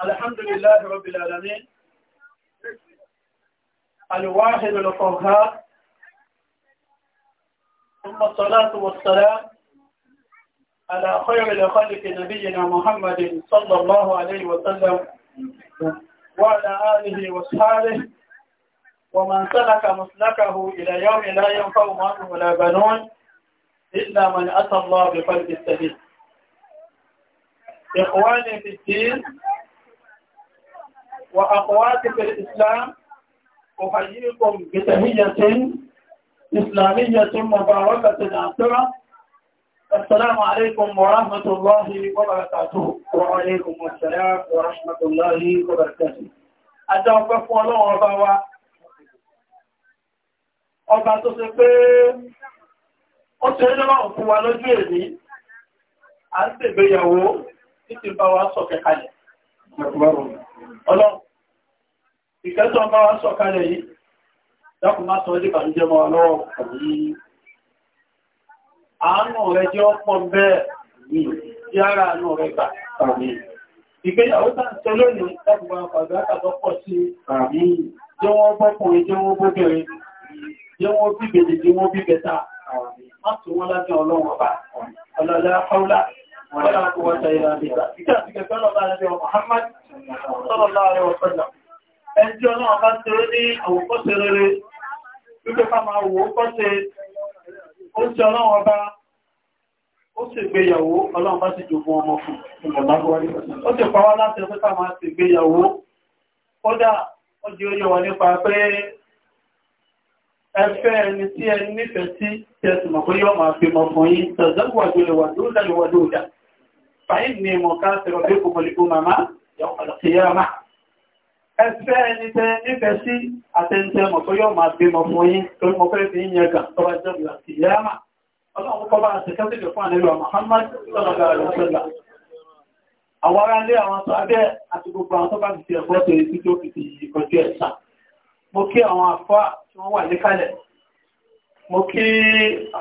الحمد لله رب العالمين الواحد القهار ثم الصلاة والسلام على خير لخلق نبينا محمد صلى الله عليه وسلم وعلى آله واصحابه ومن سلك مسلكه إلى يوم لا ينفع مال ولا بنون إلا من أتى الله بقلب السليم إخواني في الدين وأخواتي في الإسلام أحييكم بتهية إسلامية مباركة عطرة السلام عليكم ورحمة الله وبركاته وعليكم السلام ورحمة الله وبركاته أتوقف ولو أبوا أبا تصفي ó ti rí lọ́wọ́ fún wa lójú èdè à ń tègbéyàwó títí bá wa sọ kẹkalẹ̀ ọlọ́run ìkẹ́tọ̀ bá wa sọ kalẹ̀ yìí dákun má sọ ọdí bàjẹ́ mọ́ wa lọ́wọ́ pẹ̀lú àánú rẹ̀ jẹ́ ọpọ̀ bẹ́ẹ̀ ní tí ara àánú rẹ̀ gbà àmì ìgbéyàwó tàà tẹ lónìí dákun bá pàdánù àtọ́pọ̀ sí àmì jẹ́ wọ́n gbọ́kùnrin jẹ́ wọ́n gbóbìnrin jẹ́ wọ́n bí gbèdè jẹ́ wọ́n bí bẹ́ta àmì má tó wọ́n lábẹ́ ọlọ́run ọba ọlọ́lá ọlá wọ́n láàkó wọ́n tẹ ìlànà ìgbà títà sí kẹfẹ́ lọ́ba ẹgbẹ́ Muhammad sọ́lọ́lá rẹ̀ ọ̀pẹ́lá ẹni tí ọlọ́run bá ṣe ní àwòkọ́ṣe rere wípé ká máa wò ó kọ́ṣe ó ṣe ọlọ́run ọba ó sì gbéyàwó ọlọ́run bá sì jogún ọmọ fún ó sì pa láti ẹgbẹ́ ká máa sì gbéyàwó kódà ó di oyé nípa pé ẹfẹ́ ẹni tí ẹ nífẹ̀ẹ́ sí tẹ́sì mọ̀ pé yọ́ máa fi mọ̀ fún yí tẹ̀sẹ̀wọ̀dó lẹ̀wọ̀dóòdà lẹ̀wọ̀dóòdà fàyín ni mọ̀ ká sẹ̀rọ̀ bí kò mọ̀lẹ̀kú màmá yọ ọ̀lọ̀kìyàmá ẹfẹ́ ẹni tẹ́ nífẹ̀ẹ́ sí àtẹ́ntẹ́ mọ̀ pé yọ́ máa fi mọ̀ fún yí torí mọ̀ pé fi ń yẹ gà tọ́bá jẹ́ ọ̀lọ̀kìyàmá ọlọ́run kọ́ bá ṣe kẹ́sìkẹ́ fún ànílò Muhammad sallallahu alaihi wasallam àwọn ará ilé àwọn sọ abẹ́ àti gbogbo àwọn tó bá ti ẹ̀kọ́ tó èsì tó fi ti ọjọ́ ẹ̀sà mo kí àwọn àfá tí wọ́n wà níkàlẹ̀ mo kí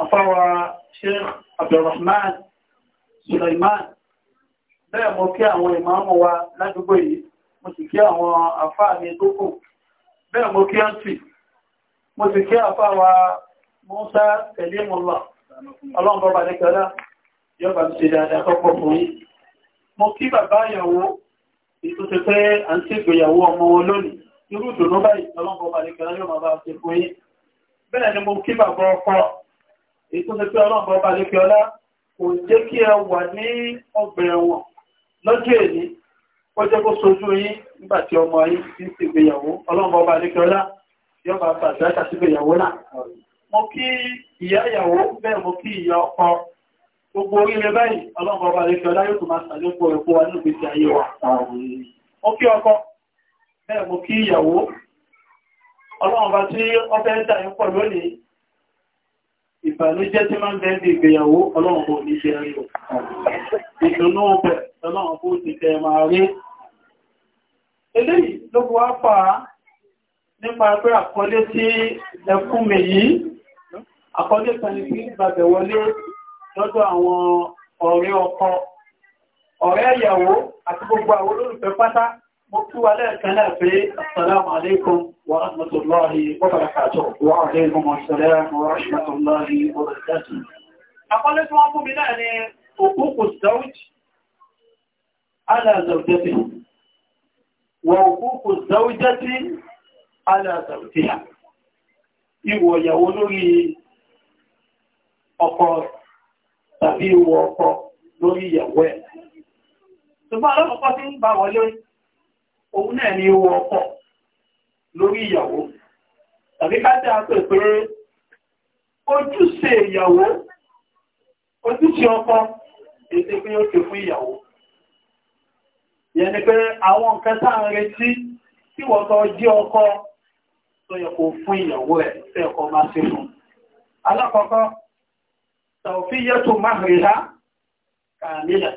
àfáwà Sheikh Abdulrahman Suleiman bẹ́ẹ̀ mo kí àwọn ìmáàmù wa ládùúgbò yìí mo sì kí àwọn àfá mi tó kù bẹ́ẹ̀ mo kí àǹtì mo sì kí àfáwà Musa Kalimullah ọlọ́run bọ́bà ní kẹ́lá yọba ti ṣe dáadáa tọ́pọ̀ fún yí mo kí bàbá ìyàwó irú ìdùnnú báyìí ọlọ́pọ̀ bá nìkan yóò máa bá ṣe fún yín bẹ́ẹ̀ ni mo kí bàbá ọkọ èyí tó ṣe pé ọlọ́pọ̀ bá nìkan ọlá kò jẹ́ kí ẹ wà ní ọgbà ẹ̀wọ̀n lọ́jọ́ èní ó jẹ́ kó sojú yín nígbà tí ọmọ yín ti ń ṣègbéyàwó ọlọ́pọ̀ bá nìkan ọlá yóò máa bá àṣà ṣàṣìgbéyàwó náà mo kí ìyá ìyàwó bẹ́ẹ̀ mo kí ìyá ọkọ gbogbo oríire báyìí ọlọ́pọ̀ bá nìkan ọlá yóò tún máa ṣàlékò bẹ́ẹ̀ mo kí ìyàwó ọlọ́run bá tí ó fẹ́ dà ń pọ̀ lónìí ìbànújẹ́ tí máa ń bẹ́ẹ̀ bí ìgbéyàwó ọlọ́run kò ní jẹ́ rí o ìdùnnú ọbẹ̀ ọlọ́run kò ti tẹ máa rí eléyìí ló bu wá pa nípa pé àkọlé tí ẹkún mi yìí àkọlé kan ní kí gbàgbẹ̀ wọlé lọ́dọ̀ àwọn ọ̀rẹ́ ọkọ ọ̀rẹ́ ìyàwó àti gbogbo àwọn olólùfẹ́ pátá مكتوب عليها كلام في السلام عليكم ورحمة الله وبركاته وعليكم السلام ورحمة الله وبركاته أقول لكم بناء حقوق الزوج على زوجته وحقوق الزوجة على زوجها ìwọ ìyàwó lórí ọkọ tàbí ìwọ ọkọ lórí ìyàwó ẹ̀. ṣùgbọ́n alákọ̀ọ́kọ́ tí ń bá wọlé òun náà ni owó ọkọ lórí ìyàwó tàbí ká dá pè pé ojúṣe ìyàwó ojúṣe ọkọ ètè pé ó ké fún ìyàwó yẹn ni pé àwọn nǹkan tá à ń retí tí wọ́n tọ́ jẹ́ ọkọ tó yẹ kó fún ìyàwó ẹ̀ tẹ́ ọkọ̀ máa ṣe fún alákọ̀ọ́kọ́ tàwọ̀fíyẹ́tò máa rèé rá kàmílẹ̀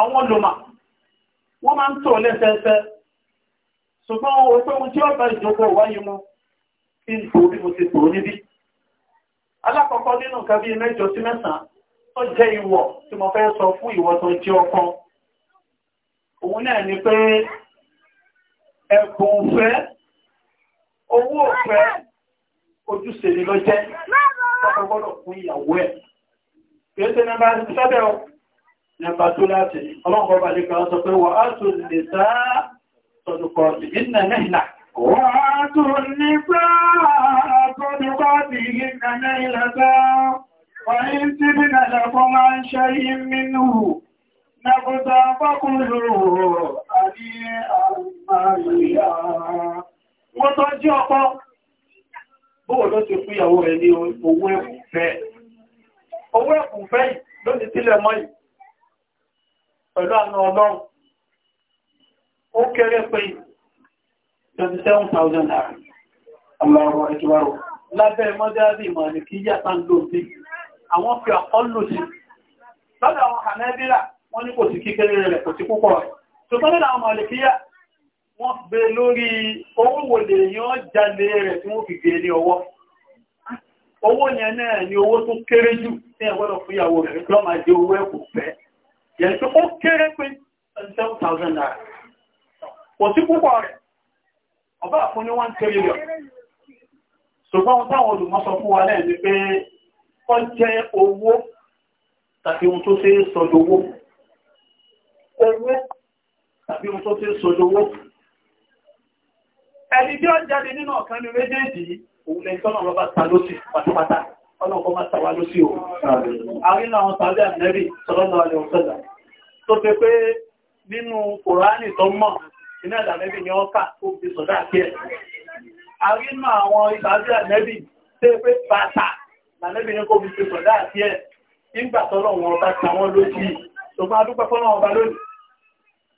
àwọn olùmọ̀ wọ́n máa ń tò lẹ́sẹẹsẹ ṣùgbọ́n ohun pé ohun tí ọ̀pá ìjọpọ̀ wáyé mọ́ kí n tò bí mo ti tò níbí alákọ̀ọ́kọ́ nínú nǹkan bíi mẹ́jọ sí mẹ́sàn-án tó jẹ́ ìwọ̀ tí mo fẹ́ sọ fún ìwọ tó jẹ́ ọkọ òun náà ni pé ẹ̀bùn fẹ́ owó fẹ́ ojúṣe ni ló jẹ́ ọkọ gbọ́dọ̀ fún ìyàwó ẹ̀ kì í ṣe nípa tó láti ọlọ́pọ̀ balẹ̀ kan sọ pé wà á tó lè sá sọ̀dùkọ̀ ìgbìnà náà wà á tó lè sá sọ̀dùkọ̀ ìgbìnà náà ìlàtọ́ wà ní tí bí nàlẹ́kọ́ máa ń ṣe ló ti fún ìyàwó rẹ̀ ní owó ẹ̀kùnfẹ́ owó ẹ̀kùnfẹ́ ló ti sílẹ̀ mọ́ yìí pẹ̀lú àánú ọlọ́run ó kéré pé 27,000 naira aláwọ̀ ẹjọ́rọ̀ lábẹ́ mọ́dáàdì ìmọ̀lẹ̀ kí yà tán ló bí àwọn fi àkọlù sí lọ́dọ̀ àwọn hanẹ́bíra wọ́n ní kò sí kíkéré rẹ̀ kò sí púpọ̀ rẹ̀ ṣùgbọ́n nínú àwọn mọ̀lẹ̀ kí yà wọ́n gbé lórí owó wòlè yán jalè rẹ̀ tí wọ́n fi gbé ní ọwọ́ owó yẹn náà ni owó tó kéré jù tí ẹ̀gbọ́dọ̀ fúyàwó rẹ̀ lọ́màdé owó ẹ̀kù fẹ́ yẹn tó ó kéré pé 7,000 naira kò sí púpọ̀ rẹ̀ ọba fún ní 1 trillion ṣùgbọ́n táwọn olùmọ́sọ fún wa lẹ́ẹ̀ ni pé ó jẹ́ owó tàbí ohun tó ṣe é sọdowó owó tàbí ohun tó ṣe é sọdowó ẹni bí ó jáde nínú ọ̀kan ní méjèèjì òun lẹ́yìn tọ́nà ọlọ́bá ta lóṣì pátápátá ọlọ́kọ́ má tàwà lóṣì òun àrínà àwọn tàbí àmì tó ṣe pé nínú kòránì tó mọ̀ iná ìdàmẹ́bì ni wọ́n kà tó fi sọ̀dá sí ẹ̀. àrínú àwọn ìbájú àmẹ́bì tó ṣe pé bàtà làmẹ́bì ni kò fi sọ̀dá sí ẹ̀ nígbà tọ́lọ̀ wọn bá ta lójú ṣùgbọ́n adúpẹ́ fọ́lọ́ wọn bá lónìí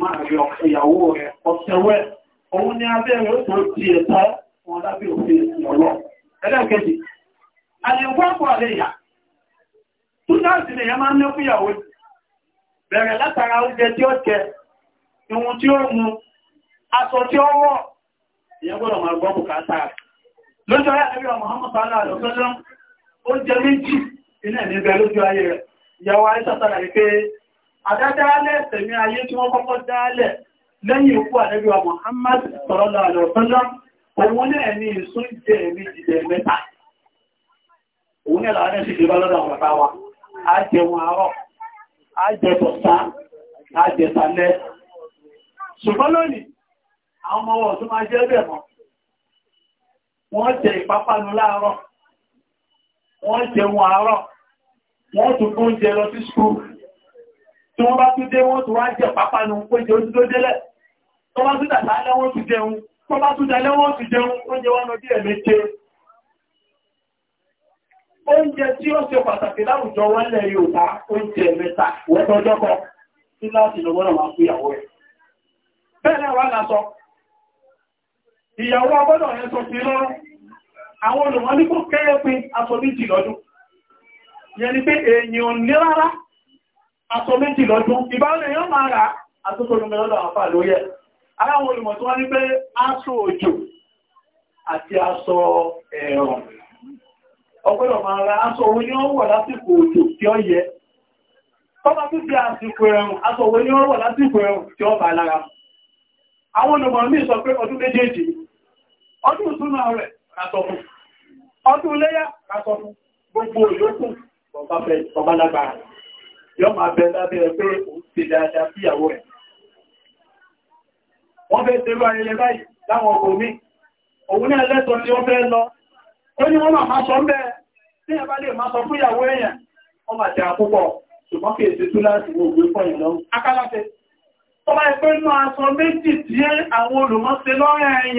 máa rí ìyàwó rẹ̀ ọ̀sẹ̀wẹ̀ òun ni abẹ́rẹ̀ ó ti ẹ̀tọ́ wọn lábẹ́ òfin ìyọ̀lọ́ ẹlẹ́ẹ̀kejì àyẹ̀wọ́pọ̀ rẹ̀ yà túndáàsì lè yẹ máa ní bẹ̀rẹ̀ látara oúnjẹ tí ó jẹ ìwọ̀n tí ó mu aṣọ tí ó àdádálẹ̀ tẹ̀mí ayé tí wọ́n kọ́kọ́ dálẹ̀ lẹ́yìn ikú àdẹ́gbẹ̀wà Muhammad sallallahu alaihi òun náà ní ìsún jẹ́ ẹ̀mí jìdẹ̀ mẹ́ta òun náà láàrin sí ìjọba lọ́dọ̀ àwọn bàbá wa tí wọ́n bá tún dé wọ́n tún wá jẹ pápánu oúnjẹ oṣù tó délẹ̀ tó bá tún dàtà lẹ́wọ́n ti jẹun tó bá tún dalẹ́ wọ́n ti jẹun oúnjẹ wọn lọ díẹ̀ méje oúnjẹ tí ó ṣe pàtàkì láwùjọ wọn lẹ̀ Yorùbá oúnjẹ mẹ́ta wọ́tọ́jọ́ kan tí láti lọ gbọ́nà máa fún ìyàwó ẹ̀ bẹ́ẹ̀ wá lásọ ìyàwó ni pé èèyàn aṣọ méjì lọ́dún ìbáwọ̀lẹ̀ èèyàn máa rà aṣókòrùnmẹ́ lọ́dọ̀ àfà lóyẹ ara olùmọ̀ tó wọ́n ní pé aṣọ òjò àti aṣọ ẹ̀rọ ọgbọ́dọ̀ máa ra aṣọ owó ní ọwọ́ lásìkò òjò tí ọ yẹ tọ́bá tó fi àsìkò ẹ̀rùn aṣọ owó ní ọwọ́ lásìkò ẹ̀rùn lára àwọn olùmọ̀ mí sọ pé ọdún méjèèjì ọdún ìtúnà gbogbo lágbára yọ́ máa bẹ lábẹ́ pé òun ti dáadáa sí ìyàwó rẹ̀. Wọ́n fẹ́ ṣerú ayẹyẹ báyìí láwọn ọkọ̀ mi. Òun ní ẹlẹ́tọ̀ ni wọ́n fẹ́ lọ. Ó ní wọ́n máa sọ mẹ́ tí ẹ bá lè máa sọ fún ìyàwó èèyàn. Wọ́n máa jẹ àkópọ̀ ṣùgbọ́n kì í ṣe túláàsì ní ògbé fún ìlọ. Akáláṣe. Ó bá ẹgbẹ́ inú aṣọ méjì tí àwọn olùmọ́ṣe lọ́rẹ̀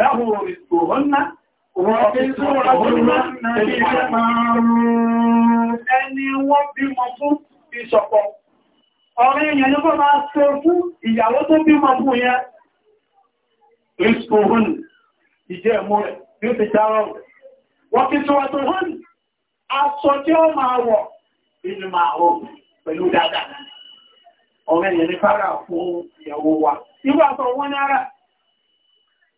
láhùn òrìsò ọ̀nà Ẹni wọ́n bímọ fún ìṣọ̀pọ̀. Ọ̀rẹ́ ìyẹn ní kọ́ máa ṣe fún ìyàwó tó bímọ fún yẹn. Ríṣkò hún ìjẹ́ ẹ̀mú rẹ̀ ní ó ti dárọ̀. Wọ́n kí tí wọ́n tó hún, aṣọ tí ó máa wọ̀ inú máa rọ̀ pẹ̀lú dáadáa. Ọ̀rẹ́ ìyẹn fárá fún ìyàwó wa. Ibú àtọ̀ wọ́n ní ara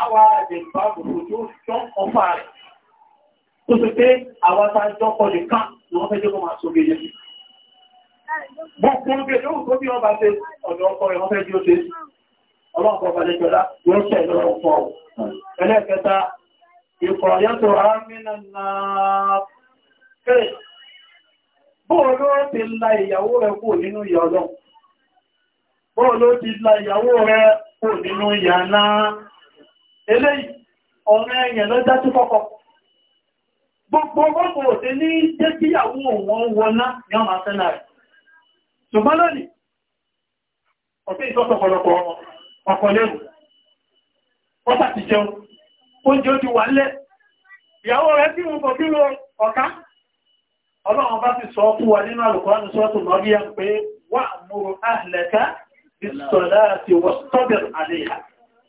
àwa àjẹ̀gbà gbogbo tó jọ ọfà rẹ̀ tó sì pé àwọn ta jọ kọlì kan ni wọ́n fẹ́ jẹ́ kó máa sóbi yẹn gbogbo oge yóò tó bí ọba ṣe ọ̀dọ̀ ọkọ rẹ̀ wọ́n fẹ́ jí ó ṣe ọlọ́pọ̀ balẹ̀ jọlá yóò ṣẹ̀ lọ́wọ́ ọkọ̀ ẹlẹ́ẹ̀kẹta ìkọ̀ọ̀yẹ́tò àmìnà náà pẹ̀lẹ̀ bóò ló ti la ìyàwó rẹ̀ kò nínú ìyà ọlọ́run bóò ló ti la ìyàwó rẹ̀ kò nínú ìyà náà eléyìí ọ̀rẹ́ ẹ̀yẹ̀ lọ já kọ́kọ́ gbogbo gbogbo òtẹ ní jẹ́ kí àwọn òun wọná ní ọmọ àtẹ́lá rẹ̀ ṣùgbọ́n lónìí ọ̀tẹ́ ìtọ́sọ̀pọ̀lọpọ̀ ọkọ̀ lẹ́rù ọ́sà ti jẹun ó ti wà lẹ́ ti pé wà múrò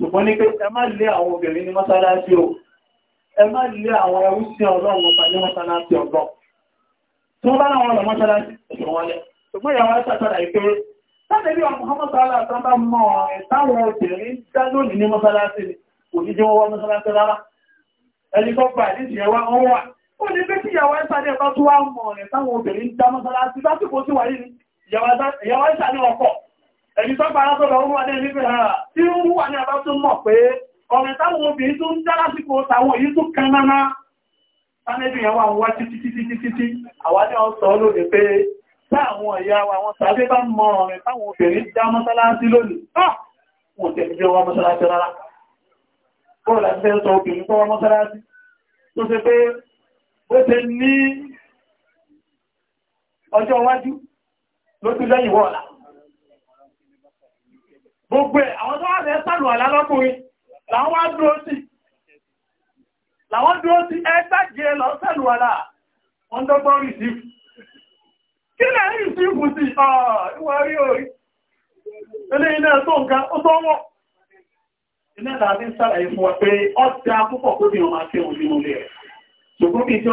ṣùgbọ́n ní pé ẹ má lé àwọn obìnrin ní mọ́sálásí o ẹ má lé àwọn ẹrú sí ọlọ́run ọ̀pá ní mọ́sálásí ọ̀gbọ́n tí wọ́n bá láwọn ọ̀rọ̀ mọ́sálásí ẹ̀ṣùn wọlé ṣùgbọ́n ìyàwó ẹ̀ṣàtọ̀rà ìpé sáàbẹ̀bí ọmọ mọ́sálásí àtàbà mọ́ ẹ̀ táwọn obìnrin dá lónìí ní mọ́sálásí ni kò ní jẹ́ wọ́n mọ́sálásí rárá ẹni tó gbà ní ìyẹ̀wá wọn wà ó ní pé kí ìyàwó ẹ̀ṣàdé ẹ̀kọ́ tó wá mọ̀ ẹni tó bára sọ́dọ̀ orú adé nígbè ha tí ó wà ní abá tó mọ̀ pé ọ̀rẹ́ táwọn obìnrin tó ń já lásìkò tàwọn èyí tó kan náà sánẹ́bì yẹn wà wá títí títí títí tí àwádẹ́ ọ̀sọ̀ lónìí pé táwọn ìyá wa wọn tàbí bá mọ ọ̀rẹ́ táwọn obìnrin já mọ́sálásí lónìí ah! wọn tẹ̀lé jẹ́ wá mọ́sálásí rárá kó láti fẹ́ sọ obìnrin tó wá mọ́sálásí tó ṣe pé bó ṣe ní ọjọ́ iwájú ló tún lẹ́yìn gbogbo ẹ̀ àwọn tó wà rẹ̀ sàlù àlálọ́kùnrin làwọn dúró dúró sí ẹgbàjẹ lọ sàlù àlá wọ́n dọ́gbọ́n rí sí kí lẹ́ rí sí ìbù sí ìwọ̀ rí orí ilé iná tó nǹkan ó tó ilé rẹ̀ ṣùgbọ́n kí tí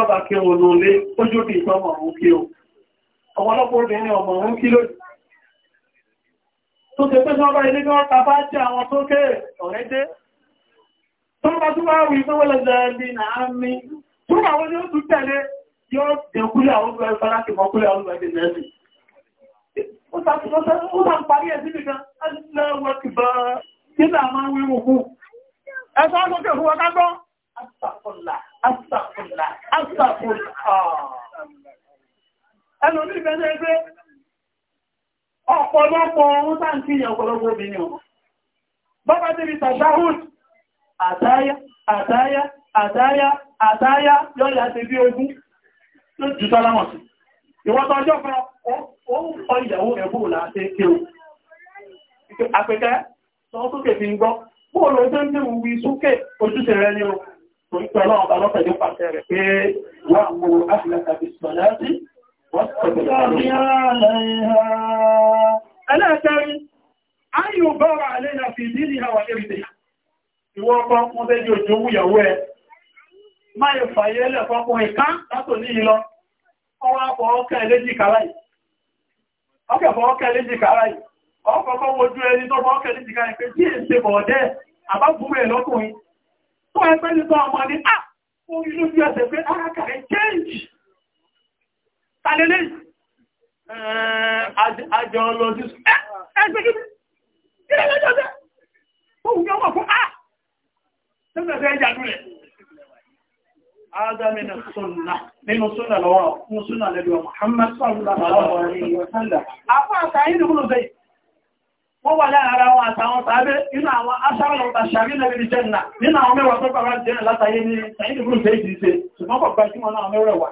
ọba tó ṣe pé sọ́bá ilé gọ́ tàbá jẹ́ àwọn tó kẹ́ ọ̀rẹ́ dé tó bá tó bá wù ní wọ́n lọ́zẹ̀ ẹ̀lì náà mi tó bá wọ́n ni ó tún tẹ̀lé yóò dẹ̀kúlẹ̀ àwọn ọmọ ẹ̀fẹ́ láti mọ́kúlẹ̀ àwọn ọmọ ẹ̀dẹ̀ mẹ́rin ó sá ń parí ẹ̀ sí nìkan ẹ̀lẹ́wọ̀ ti bá nígbà máa ń wíwò fún ẹ̀sọ́ ọ̀sọ́kẹ̀ fún ọkà gbọ́ Astagfirullah, Astagfirullah, Astagfirullah. Ẹlòmí ìgbẹ́ ọ̀pọ̀lọpọ̀ ohun tá ń kíyàn ọ̀pọ̀lọpọ̀ obìnrin ọ̀. bọ́bá débi tàṣáhùd àtáyá àtáyá àtáyá àtáyá lọ́yà ti bí ogún jù sálámọ̀ sí ìwọ́ta ọjọ́ o lọ́pẹ̀lú rẹ̀ pé wà mú àfìlẹ́ta bí sí Ẹlẹ́ẹ̀kẹ́rin, a yóò bọ́ra alẹ́ na fi ìdí ní àwọn ẹ̀rìdẹ̀. Ìwọ ọkọ mọ́ tẹ́jú òjò owó ìyàwó ẹ. Máa yóò fàyẹ ẹlẹ́fọ́kùnrin ká látò ní ìlọ. Ọwọ́ akọ̀ ọkẹ́ léjì kàráì. Ọkẹ́ fọ́ wojú ẹni tó fọ́ ọkẹ́ léjì kàráì pé tí è ṣe bọ̀ọ̀dẹ́ àbábúrẹ̀ lọ́kùnrin. Tó ẹgbẹ́ ní tó ọmọ ni, ah, ó rí lójú ẹsẹ̀ pé ara ah, kàrẹ change. tàlélé àjọ lọ́dún ẹgbẹ́ kí ní ẹgbẹ́ jẹ́ fóòwú yọ́ wọ́n fún á tẹ́gbẹ̀ẹ́ ẹjà lúrẹ̀ ádámínà sọ́nà nínú sọ́nà lọ́wọ́ fún sọ́nà lẹ́gbẹ̀ẹ́ wọ́n wà láàárín àwọn àtàwọn tàbí inú àwọn ṣàrí lẹ́bí nínú àwọn mẹ́wàá tó jẹ́ látàyé ní ṣùgbọ́n náà mẹ́rẹ̀wàá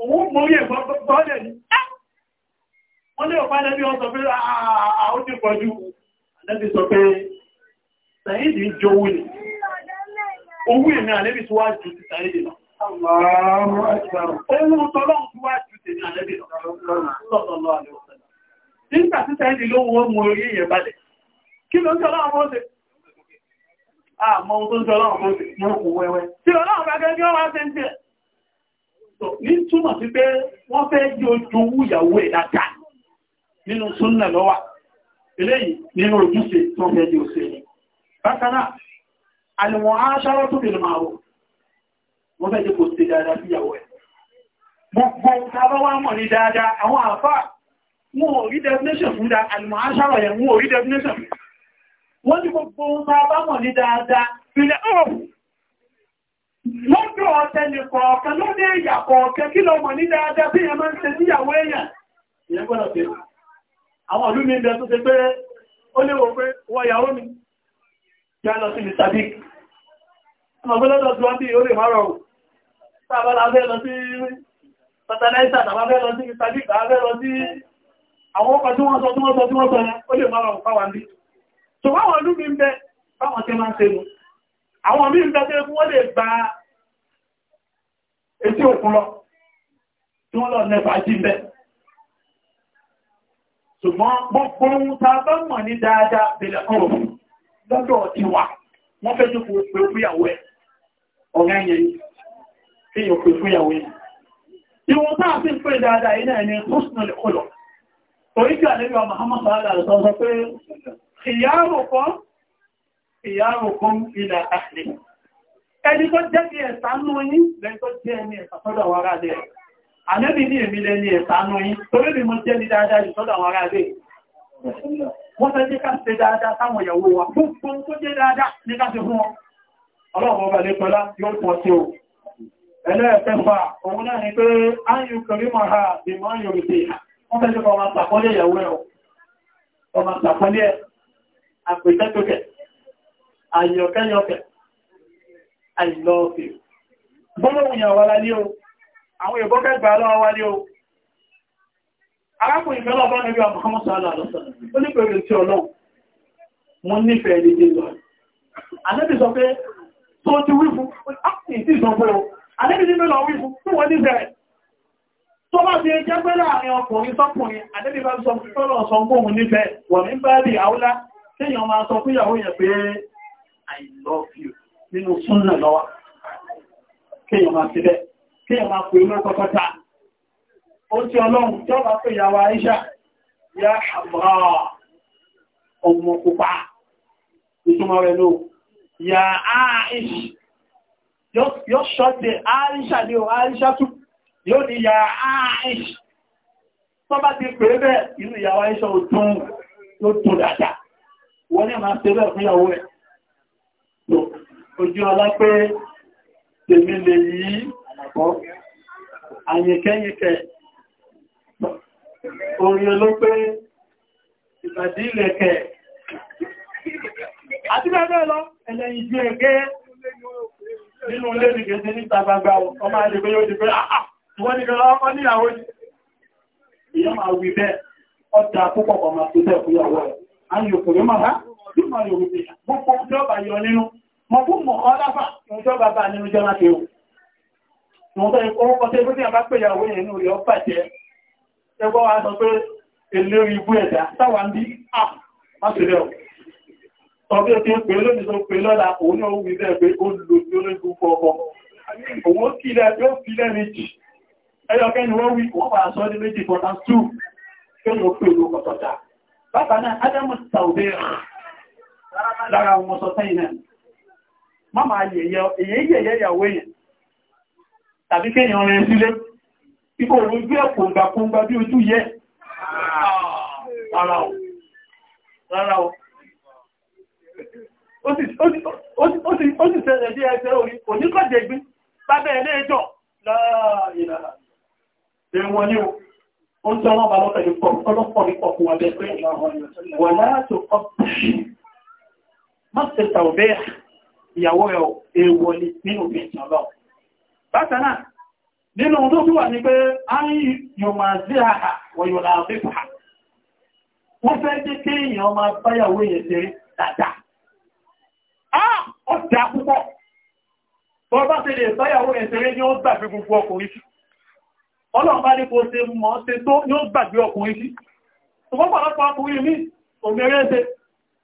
òun mú yẹ gbọ́lẹ̀ ní wọ́n lè ọ̀pá lẹ́bí ọ̀sọ̀ pé àwọn ti pọ̀jú lẹ́bí sọ pé sàídì ń jọ owó ni owó èmì àlẹ́bí tó wá jù ti sàídì lọ owó tọ́lọ́ tó wá jù ti àlẹ́bí lọ nígbà tí sàídì ló wọ́n mú orí yẹn balẹ̀ kí ló ń tọ́lọ́ àwọn ọ̀sẹ̀ àmọ́ ọlọ́run bá gẹ́gẹ́ wá ní túmọ̀ sí pé wọ́n fẹ́ jí ojú owó ìyàwó ẹ̀ dáadáa nínú súnnà lọ́wà eléyìí nínú ojúṣe tó fẹ́ jí òṣè ní bákan náà àlùwọ̀n aṣọ́rọ̀ tó bèèrè máa rò wọ́n fẹ́ jí kò ṣe dáadáa sí ìyàwó ẹ̀ gbogbo tàbá wá mọ̀ ní dáadáa àwọn àfáà wọn ò rí definition fún da àlùwọ̀n aṣọ́rọ̀ yẹn wọn ò rí definition wọ́n ní gbogbo tàbá mọ̀ ní dáadáa lọ́dọ̀ ọ̀tẹ́ ní kọ̀ọ̀kan lọ́dẹ̀ ìyà kọ̀ọ̀kan kí lọ mọ̀ ní dáadáa bí ẹmọ́ ń ṣe níyàwó èèyàn ìyẹn gbọ́dọ̀ pé àwọn ìlú mi ń bẹ tó ṣe pé ó léwo pé wọ ìyàwó mi kí a lọ sí mr big ọmọ bí lọ́dọ̀ tí wọ́n bí ó lè má rọrùn tàbá la fẹ́ lọ sí fertilizer tàbá fẹ́ lọ sí mr big tàbá fẹ́ lọ sí àwọn ọkọ̀ tí wọ́n sọ tí wọ́n sọ tí ó lè má rọrùn fáwọn bí so báwọn ìlú mi ń bẹ báwọn tí máa ń ṣe nu àwọn mi ń bẹ tó fún wọ́n lè gba etí òkun lọ tí wọ́n lọ nẹ́fà jí mẹ́ ṣùgbọ́n gbogbo ohun ta bá mọ̀ ní dáadáa bèèrè ọ̀rọ̀ lọ́dọ̀ ti wà wọ́n fẹ́ tó kò pé fúyàwó ẹ̀ ọ̀rẹ́ yẹn kí yóò pé fúyàwó ẹ̀ ìwọ̀n táà sí pé dáadáa iná ẹni tó jẹ́ ti ẹ̀sà nú yín lẹ́ni tó jẹ́ ẹni ẹ̀sà sọ́dọ̀ àwọn ará rẹ̀ ànẹ́bì ní èmi lẹ́ni ẹ̀sà nú yín torí bí mo jẹ́ ní dáadáa jù sọ́dọ̀ àwọn ará rẹ̀ wọ́n fẹ́ jẹ́ ká ṣe dáadáa sáwọn ìyàwó wa gbogbo tó jẹ́ dáadáa ní ká ṣe fún wọn ọlọ́run ọba lẹ́pẹ́lá yóò pọ̀ sí o ẹlẹ́ẹ̀kẹfà òun náà ni pé áyù kẹrìmọ̀ ha ìmọ̀ yorùbá wọ́n fẹ́ jẹ́ kọ́ ọmọ àpàkọ́lé ìyàwó ẹ̀ ọmọ àpàkọ́lé àpètẹ́tòkẹ̀ àyọ̀kẹ́yọkẹ̀ I love you. Gbọ́lọ́wùn yàn wà lálé o, àwọn èèbọ́ kẹgbà lọ́wọ́ wálé o. Arákùnrin fẹ́lọ́ bá níbi ọmọ ọmọ sọ́lọ́ àlọ́sọ̀, ó ní pẹ̀lú tí ọlọ́run, mo nífẹ̀ẹ́ dédé lọ. Ànábì sọ pé, tó ti wí fún, ìtì ah, sọ pé o, ànábì ní mẹ́lọ wí fún, tó wọ́n nífẹ̀ẹ́. Tó bá ti jẹ́ pé láàrin ọkùnrin sọ́kùnrin, ànábì bá sọ pé tọ́lọ̀ sọ gbóhun nífẹ̀ẹ́, wọ̀n ní bá rí àúlá, kéèyàn máa sọ fúyàwó yẹn pé, I love you nínú súnnà lọ́wọ́ kíyàn máa ti bẹ́ kíyàn máa pè mọ́ kọ́kọ́ta ó tí ọlọ́run tó bá pè yàwó Aisha yá àbúrà ọmọ pupa ìtumọ̀ rẹ̀ ló yà Aisha yóò ṣọ́tẹ̀ Aisha ní o Aisha tún yóò ní yà Aisha tó bá ti pè bẹ́ inú yàwó Aisha ò tún dáadáa wọ́n ní ojú ọlá pé tèmi lè yí àlàbọ́ àyẹ̀kẹ́yẹ̀kẹ́ orí olópé ìbàdí ìrẹ̀kẹ́ àti bẹ́ẹ̀ lọ ẹlẹ́yìn jú ẹgẹ́ nínú ilé nìkẹsí níta gbangba ọmọ àdìgbé yóò dìgbé ah, ah, wọ́n ọmọ níyàwó ọjà púpọ̀ pọ̀ máa tó tẹ́ ẹ̀ mọ̀ fún mọ̀ ọláfà ìjọ bàbá nínú jẹ́ láti ewu wọ́n tẹ́ ọkọ̀ tẹ́ gbọ́dẹ̀ bá pè yàwó yẹn nínú rẹ̀ ọ bàjẹ́ ẹgbọ́ wa sọ pé èlé ibú ẹ̀dá táwà ń bí à má sì rẹ̀ ọ̀gbẹ́ tí ó pè lónìí tó pè lọ́la òun náà wí bẹ́ẹ̀ pé ó lò tí ó lè gún fún ọkọ̀ òun ó kí ilẹ̀ yóò fi lẹ́ méjì ẹyọkẹ́ ni wọ́n wí wọ́n bá sọ ní méjì fọ́nà tù má máa yẹ̀yẹ̀ ìyàwó èèyàn tàbí kéèyàn rẹ̀ sílé ikọ̀ òun gbé ẹ̀kùn gbàkúngbà bí ojú yẹ ara ọ̀ rárá ọ̀ ó sì sẹ́rẹ̀ bí ẹsẹ̀ orí oníkọ̀jẹ̀ gbé lábẹ́ ilé ẹjọ́ láàrínàrà ẹ̀wọ̀n ni ó ń tọ́rọ bá lọ́pẹ̀ lọ́pọ̀ nípọ̀ fún wa bẹ́ẹ̀ pé wà láàtò ọ̀pọ̀ ìyàwó rẹ̀ èèwọ̀ ni nínú ìjọ lọ. Bákan náà, nínú tó tó wà ní pé a ń yọ máa zí àhà wọ yọ láàrín fà. Wọ́n fẹ́ jẹ́ kí èèyàn máa báyàwó èèyàn ṣe dáadáa. Á ọ̀dà púpọ̀. Bọ́ bá ṣe lè báyàwó èèyàn ṣeré ni ó gbàgbé gbogbo ọkùnrin sí. Ọlọ́run bá ní kò ṣe mọ́ ṣe tó ni ó gbàgbé ọkùnrin sí. Ṣùgbọ́n pọ̀lọpọ̀ ọkùnrin mi, òmìnirẹ́ ṣe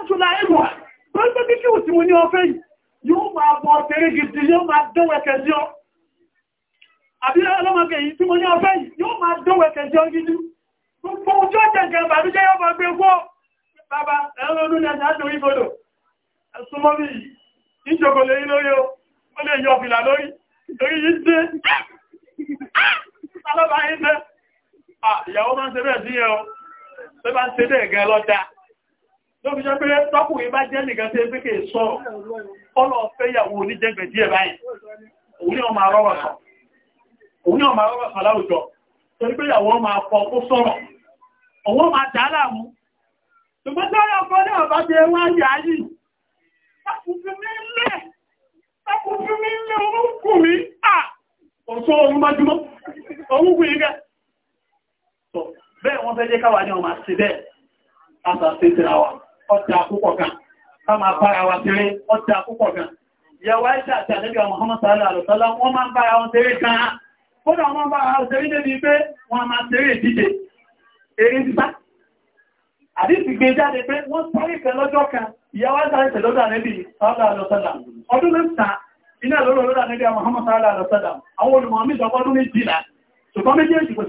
oṣùlá ẹ̀mọ̀ tó ń gbẹ́bí kí ò tí mo ní ọfẹ́ yóò máa bọ̀ tẹ́rẹ gidi yóò máa dọ́wẹ̀kẹ́ sí ọ àbí ọlọ́mọkẹ̀ yìí tí mo ní ọfẹ́ yóò máa dọ́wẹ̀kẹ́ sí ọ gidi gbogbo ojú ọ̀tẹ̀kẹ́ bàbíjẹ́ yóò máa gbé gbọ́ bàbá ẹ̀rọ olúlẹ̀ àjọ ìbòdò ẹ̀sùnmọ́ mi ìjọkọ̀ lè lórí ó lè yọ fìlà lórí torí yìí dé alọ́bàá yìí dé ìyàwó máa ń ṣe bẹ́ẹ̀ sí ẹ tó fi jẹ́ pé tọ́kùnrin bá jẹ́ nìkan tí pé kèé sọ ọlọ́ fẹ́yàwó oníjẹ́gbẹ̀ díẹ̀ báyìí òun ni ọmọ arọ́rọ̀ sọ láwùjọ torí pé ìyàwó ọmọ afọ kó sọ̀rọ̀ ọwọ́ ma dà láàmú ṣùgbọ́n tó yọ fọ́ ní ọ̀bá jẹ wọ́n yà yìí tàkùnfin mílẹ̀ tàkùnfin mílẹ̀ orúkù mi à ọ̀tọ́ ohun májúmọ́ orúkù igẹ́ bẹ́ẹ̀ wọ́n fẹ́ jẹ́ káwà ní ọmọ sí bẹ́ẹ̀ ọjà púpọ̀ kan ká máa bára wa tẹ́rẹ ọjà púpọ̀ kan yẹwà iṣẹ́ àti Muhammad sallallahu alaihi wọ́n máa ń bára wọn tẹ́rẹ kan kódà wọ́n bára wọn tẹ́rẹ débi pé wọ́n máa tẹ́rẹ ìdíje eré sísá àdísì gbé jáde pé wọ́n sáré kan lọ́jọ́ kan ìyàwó sáré lọ́dọ̀ ọdún mẹ́ta iná lọ́rọ̀ lọ́dọ̀ Muhammad sallallahu àwọn olùmọ̀ mi sọ fọ́dún méjìlá ṣùgbọ́n kò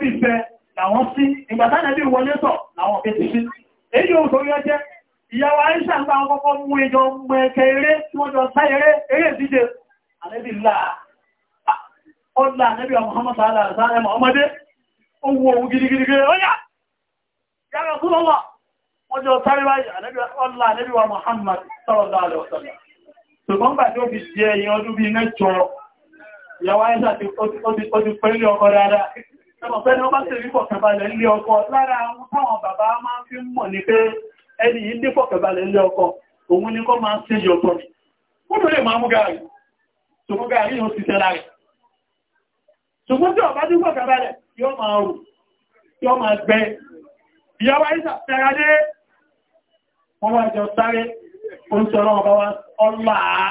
sí làwọn sí ìgbàtánà bí wọlé tọ̀ làwọn fi sí èyí ò torí ọjẹ́ ìyàwó àìṣà ń bá wọn kọ́kọ́ mú ẹjọ mọ eré tí wọ́n jọ sá eré ìdíje ànẹ́bí láà ọlá ànẹ́bí Muhammad ya wa Muhammad Ẹmọ̀fẹ́ bá ọkọ lára bàbá fi ẹni yìí ní ilé ọkọ, òun ni kọ́ máa ń ṣe yọ̀tọ̀ ni. Ó tó lè máa mú gààrí, ṣùgbọ́n gààrí yóò ọba yóò máa rù, yóò máa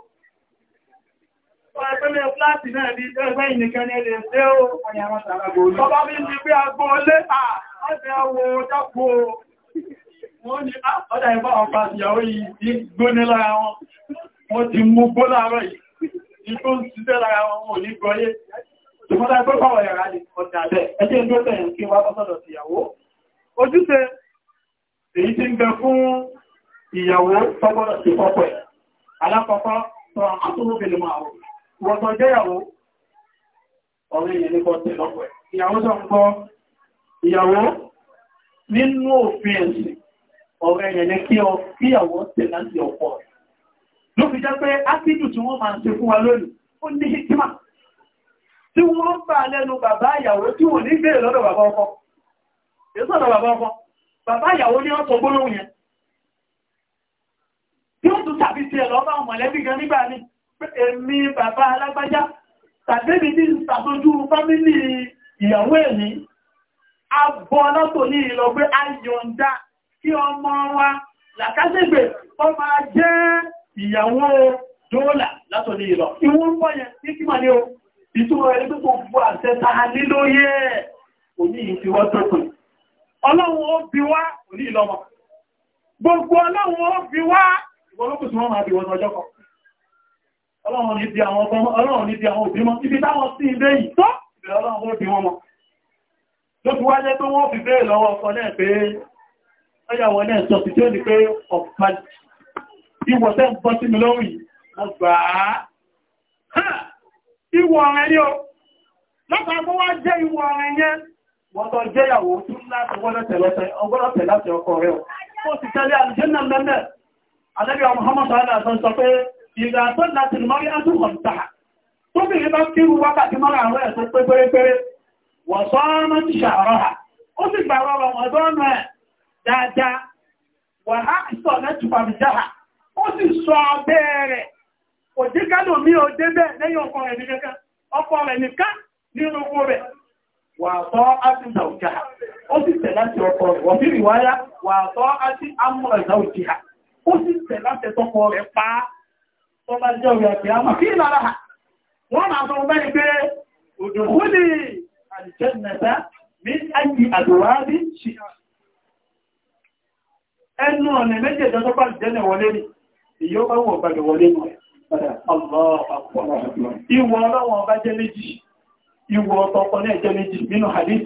Ẹgbẹ́lẹ̀ fláàtì náà ní ẹgbẹ́ ìnìkan ní ẹlẹ́ ṣe ó ọ̀yà wọn tàbí. Ọba bí i pé agbó lé àà, ọ̀dẹ̀ àwọ̀ ọjọ́pọ̀ wọ́n ni ọ̀dà ìbá ọ̀pá ìyàwó yìí gbóní lára wọn. Wọ́n ti mú gbó láàárọ̀ yìí, ìgbó ń ṣiṣẹ́ lára wọn wọn ò ní gbọ́yé. Ìfọ́dá ẹgbẹ́ pàwọ̀ yàrá ni ọ̀dà bẹ́ẹ̀. Ẹjẹ́ ìgbó tẹ̀yìn kí wá bọ́sọ̀dọ̀ sí ìyàwó. Ojúṣe èyí tí ń bẹ fún ìyàwó tọ́gbọ́dọ̀ sí fọ́pọ̀ ẹ̀. Alákọ̀ọ́kọ́ sọ àtúrú bèèrè máa rò wọ́tọ̀ jẹ́yàwó ọ̀rẹ́ ìyẹn nípa tẹ̀lọ́pẹ̀ ìyàwó sọ ń kọ́ ìyàwó nínú òfin ẹ̀sìn ọ̀rẹ́ ìyẹn ní kí ọ kíyàwó tẹ̀ láti ọ̀pọ̀ ló fi jẹ́ pé ápídù tí wọ́n máa ń ṣe fún wa lónìí ó ní hikima tí wọ́n bá lẹ́nu bàbá ìyàwó tí wọ́n ní bèèrè lọ́dọ̀ bàbá ọkọ ìsọ́dọ̀ bàbá ọkọ bàbá ìyàwó ní ọ̀sọ̀ gbólóhùn yẹn tí ó tún tàbí tiẹ̀ lọ́ bá ọmọlẹ́bí gan nígbà míì èmi bàbá alágbájá tàbí tí ń sàtójú fámílì ìyàwó ẹ̀ní abọ́ lọ́tò ní ìlọ pé a yọ̀ǹda kí ọmọ wa làkásẹ̀gbẹ̀ ọ máa jẹ́ ìyàwó dóòlà látò ní ìlọ ìwọ́n ń bọ́yẹn ní kí màá ní o ìtúrọ̀ ẹni tó kò fún àṣẹ tàà nílóyè òní ìfiwọ́ tó pè ọlọ́run ó bí wá òní ìlọ́mọ gbogbo ọlọ́run ó bí wá ìwọ́n lókùsùn wọn máa bí wọn ọjọ́ kan ọlọ́run ní bí àwọn ọgbọ́n ọlọ́run ní bí àwọn òbí ibi táwọn sí ilé yìí tó ìbẹ̀rẹ̀ ọlọ́run bí wọn fi wáyé tó wọ́n fi lọ́wọ́ náà pé ọyàwó náà sọ sí tí ó ní pé ọ̀pá ìwọ̀ tẹ́ ń bọ́ sí mi lọ́rùn yìí ìgbà tó láti mọ́rí àtúkọ̀ǹtà tó bèèrè bá kírù wákàtí mọ́ra àwọn ẹ̀sọ́ pé pérépéré wọ̀n sọ́ọ́nà ti ṣàrọ́ ha ó sì gbà rọrọ̀ wọ̀n dọ́nà ẹ̀ dáadáa wà á ha ó sì sọ bẹ́ẹ̀rẹ̀ o jí kánò mí ò dé bẹ́ẹ̀ lẹ́yìn ọkọ ha tó bá jẹ́ ọ̀rẹ́ ọ̀pẹ́ àmà kí lára wọ́n máa sọ mẹ́rin pé òdòkúlì àdìjẹ́nẹ̀ta ní ayì àdòwádí ṣì ẹnu ọ̀nà méjèèjọ tó bá jẹ́nẹ̀ wọlé ní ìyó bá wọ̀ gbàgbẹ̀ wọlé nù ìwọ̀ ọlọ́wọ̀n bá jẹ́ méjì ìwọ̀ ọ̀tọ̀ọ̀kọ̀ náà jẹ́ méjì nínú hadith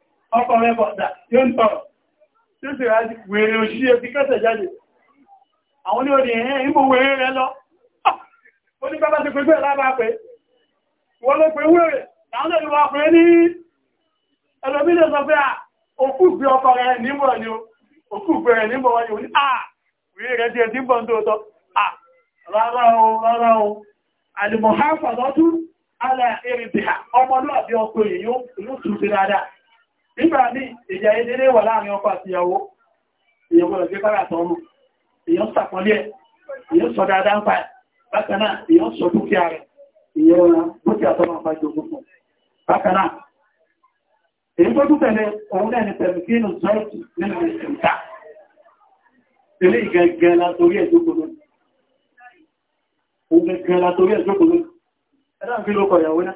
ọkọ̀ rẹ̀ bọ̀dà yóò ń tọ̀rọ̀ tí ó sì rá wèrè òṣì ẹbí kẹsẹ̀ jáde àwọn ní òdì ẹ̀hẹ́ ìbò wèrè rẹ̀ lọ ah! ó ní bábá ti pé bẹ́ẹ̀ lábá pé wọ́n ló pé wèrè láwọn ẹ̀lú wa pé ní ẹlòmí lè sọ pé à òkú gbé ọkọ̀ rẹ̀ níbọ̀ ni ó òkú gbé rẹ̀ níbọ̀ wọ́n ni à wèrè rẹ̀ ti ẹ̀ dín bọ̀ ń tóótọ́ à rárá o rárá o àlùmọ̀ háfà lọ́dún alẹ́ èrìdìhà ọmọlúwàbí ọkọ̀ èyí yóò tún sí dáadáa nígbà ní ìjà edere wà láàrin ọkọ àti ìyàwó èyàn gbọ́dọ̀ gbé kára tán mú èyàn sàpọ̀lẹ́ èyàn sọ dáadáa ń pa bákan náà èyàn sọ dúkìá rẹ̀ èyàn dúkìá tọ́nà ọ̀pá ìjọgbó fún bákan náà tó ni pẹ̀lúkínù zọ́ọ̀tì nínú ìsìnká ilé ìgẹ̀gẹ̀ látorí ẹ̀dókòló ẹ̀dá ń fi lókọ̀ ìyàwó náà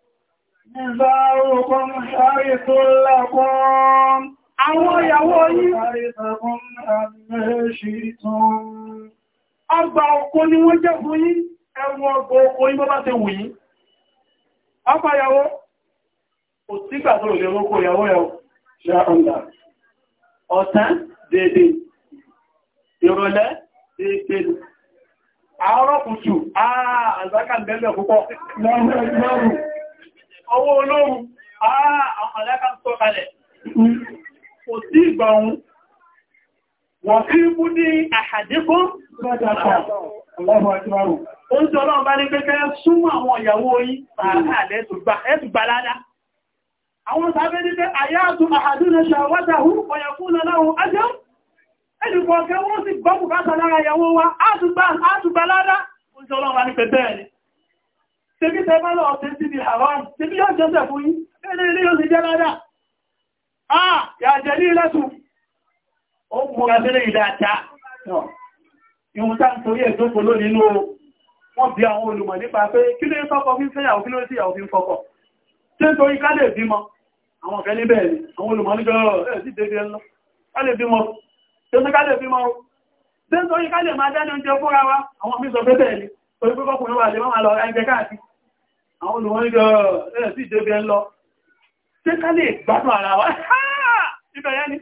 Ìbárukún ṣàrìtò lẹ́kún. Àwọn ìyàwó yìí. Ṣàrìtàkún àmìṣì tún. Ọgbà oko ni wọ́n jẹ́ fún yín, ẹwọ́n ọgbà oko yín bọ́ bá ti wù yín. Ọgbà ìyàwó, ò sígbà tó lè rókò ìyàwó ẹ̀ ṣe ọ̀nà. dédé, ìrọ̀lẹ́ àárọ̀ kùtù àà àzákà ń bẹ́lẹ̀ púpọ̀ lọ́rùn ọwọ́ olóhun àà àwọn àlẹ́kà ń sọ kalẹ̀ kò sí ìgbà ohun wọ̀n kí mú ní àhàdékó oúnjẹ ọlọ́run bá ní pẹ́kẹ́ súnmọ́ àwọn ìyàwó yí ààrẹ ẹ̀tùgbà ládá àwọn sàbẹ́ ní pé àyáàtù àhàdúnà ṣàwátàhù ọ̀yàkúnà láhùn ájọ́ ẹnìkọ̀ọ̀kẹ́ wọ́n sì gbọ́kù káta lára ìyàwó wa átùgbà ládá oúnjẹ ọlọ́run bá ní pẹ́ bẹ́ẹ̀ ni tẹbí tẹbá lọ ọ̀tẹ́ sí ibi haram tẹbí yóò jọ́sẹ̀ fún yí ẹni ilé yóò sì jẹ́ ládà àà yàjẹ̀ ní ilẹ́tù ó múra sílẹ̀ ìdáta ìhun tá ń torí ẹ̀dókò lónìí inú wọ́n bí àwọn olùmọ̀ nípa pé kí ló ń fọ́kọ fi ń fẹ́yàwó kí ló ń síyàwó fi ń fọ́kọ tí ń torí kálẹ̀ bímọ àwọn ọ̀fẹ́ níbẹ̀ ni àwọn olùmọ̀ níjọ́ ẹ̀ sí dédé ẹ̀ lọ kálẹ̀ bímọ tí ó kálẹ̀ bímọ tí ń torí kálẹ̀ máa dání oúnjẹ fúnra wa àwọn mí sọ pé bẹ́ẹ̀ ni torí pé kọkùnrin wà lè máa lọ ẹgbẹ́ káàkiri àwọn olùwọ́n yọ ẹ̀rẹ̀ sí ìdébẹ̀ ń lọ ṣé ká lè gbádùn ara wa ibẹ̀yẹ́ ni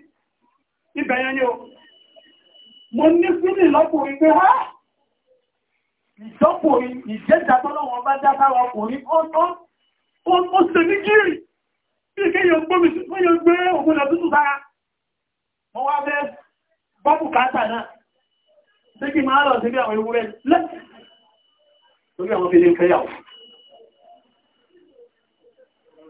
ibẹ̀yẹ́ ni o mo ní fílì lọ́kùnrin pé ha ìjọ́kùnrin ìjẹ́ta tọ́lọ́wọ́n bá dá sára ọkùnrin ó ṣe ní gírì bí i kéyàn gbómi sí fún yóò gbé òkun lọ tútù sára mo wá bẹ́ bọ́bù káàtà náà sí kí máa lọ sí bí àwọn ewúrẹ́ lẹ́ torí àwọn fi lè fẹ́yàwó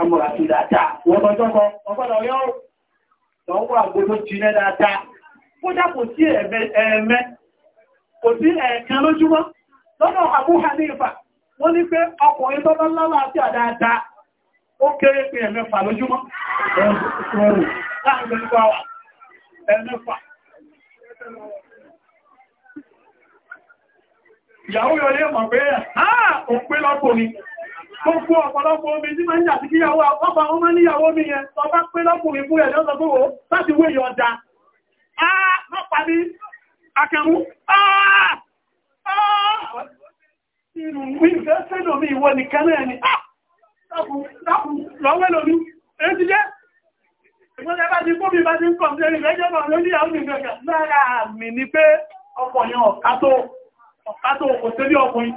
amúra sí dáadáa wọ́n tọ́jọ́ kọ ọgbọ́dọ̀ yọ́ lọ́wọ́ tó jiná dáadáa kódà kò sí ẹ̀ẹ̀mẹ́ kò sí ẹ̀ẹ̀kan lójúmọ́ lọ́dọ̀ ní Hanifa wọ́n ní pé ọkùnrin tó àti àdáadáa ó kéré pé ẹ̀mẹ́fà lójúmọ́ Gbogbo ọ̀pọ̀lọpọ̀ omi tí máa ń jà sí kíyàwó àpapà wọn máa níyàwó mi yẹn, sọ bá pé lọ́kùnrin fún ẹ̀lẹ́ ọ̀sọ̀ gbogbo láti wé yọ ọ̀dá. Àà mọ́pa ní akẹrún, àà! Àà! Ìrùn mi ìfẹ́ sẹ́nà mi ìwọ nìkan náà ni, àà! Lákùn lọ́wẹ́ lórí, èé ti jẹ́? Ìgbọ́n bá ti kó mi bá ti ń kọ̀ sí ẹni ìgbẹ́jọ́ náà lórí àwọn ìgbẹ̀gẹ̀ lára mi ni pé ọkọ̀ yẹn ọ̀ká tó, ọ̀ká tó kò sí bí ọkùnrin.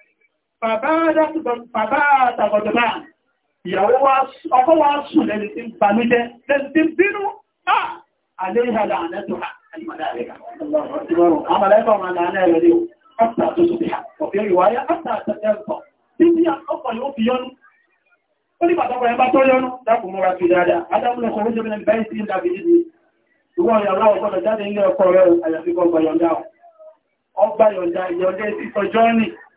bàbá àtàgọ̀dọ̀bà ìyàwó ọkọ wa sùn lẹ́ni tí ń banújẹ́ lẹ́ni tí ń bínú àlẹ́ ìhàlà ànẹ́tò àmàlẹ́ àrẹ́gà àmàlẹ́ ẹ̀kọ́ ọmọ àlẹ́ ẹ̀rẹ́ ni ó ọ̀pàá tó sọ bí i ọ̀pẹ́ ìwáyé ọ̀pàá àtàkọ́ tí ní ọkọ̀ yóò fi yọnu ó ní bàtọ́kọ̀ ẹ̀bá tó yọnu dákùn múra fi dáadáa adámúlẹ̀ kọ̀wé jẹ́ bí i bẹ́ẹ̀ sí ìdàbí ìdí ìwọ̀n ìyàwó ọgbọ́dọ̀ jáde ilé ọkọ̀ rẹ̀ àyàfikọ́ ọgbà yọ̀ndà ọgbà yọ̀ndà ìyọ̀ndà ìsọjọ́ ní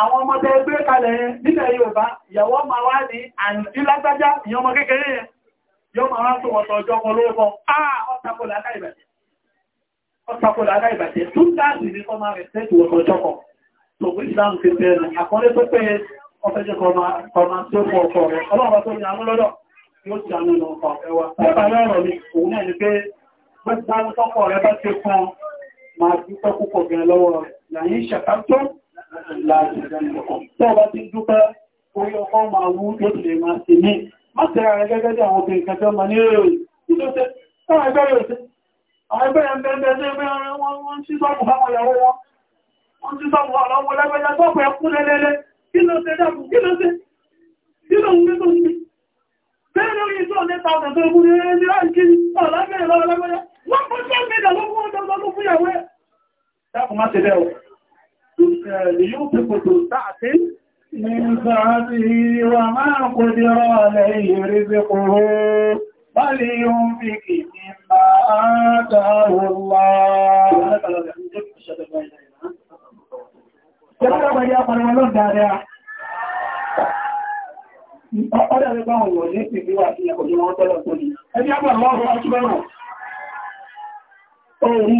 àwọn ọmọdé gbé kalẹ̀ nílẹ̀ Yorùbá ìyàwó ma wá ní àǹtí lágbájá ìyàn ọmọ kékeré yẹn yóò ma wá tó wọ̀tọ̀ ọjọ́ ọmọ lóòkọ́ ah ọ́tàkùnlá aláìbàjẹ́ tún dáàdì ní kọ́ máa rẹ̀ tẹ́tù wọ̀tọ̀ ọjọ́ kan tó gbé ìsìlámù fi bẹ̀rẹ̀ àkọlé tó pé ọfẹ́jẹ́ kọmá tó fọ́ ọkọ̀ rẹ̀ ọlọ́ọ̀bá tó ní àmú lọ́dọ̀ yóò ti àmú ìlọ̀ ọkọ̀ ẹwà ẹ̀bà lọ́rọ̀ ni òun náà ni pé gbẹ́gbẹ́ tọ́kọ̀ rẹ̀ bá ti fún ma dúpẹ́ púpọ̀ gẹ̀ẹ́ lọ́wọ́ rẹ̀ làyín ṣàkátó Tọ́ọ̀bá ti dúpẹ́ orí ọkọ́ máa wú ló ti lè máa ṣe ní. Má tẹ́ra rẹ̀ gẹ́gẹ́ bí àwọn obìnrin kẹjọ ma ní èrò ìlúṣẹ́. Àwọn ẹgbẹ́ rẹ̀ ṣe. Àwọn ẹgbẹ́ rẹ̀ ń bẹ́ẹ̀ bẹ́ẹ̀ wọ́n sí sọ́pù fáwọn ìyàwó wọn. Wọ́n sí sọ́pù àwọn ọmọ lẹ́gbẹ́lẹ́ sọ́pù ẹkún lẹ́lẹ́lẹ́. Kí ló ṣe dákùn? Kí ló ṣe? Kí ló ń gbé tó ń gbé? Bẹ́ẹ̀ lórí ìṣọ́ nípa ọ̀tọ̀ tó kú ní ẹni láì kiri, ọ̀lá mẹ́rin lọ́wọ́ lẹ́gbẹ́lẹ́. Wọ́n kọ́ sí ẹgbẹ́ ìdàlọ́gbọ́n ọ̀dọ́ lọ́gbọ́n fún ìyàwó ẹ̀. Dákùn má ṣe bẹ́ẹ̀ لينفق ذو سعة من سعته وما قدر عليه رزقه فلينفق مما آتاه ìwọ̀n ní ìpínlẹ̀ àti ẹkọ̀jọ́ wọn tọ́lọ̀ tó ní. Ẹni àpàlọ́wọ́ ọ̀ṣùgbọ́n náà. Ó rí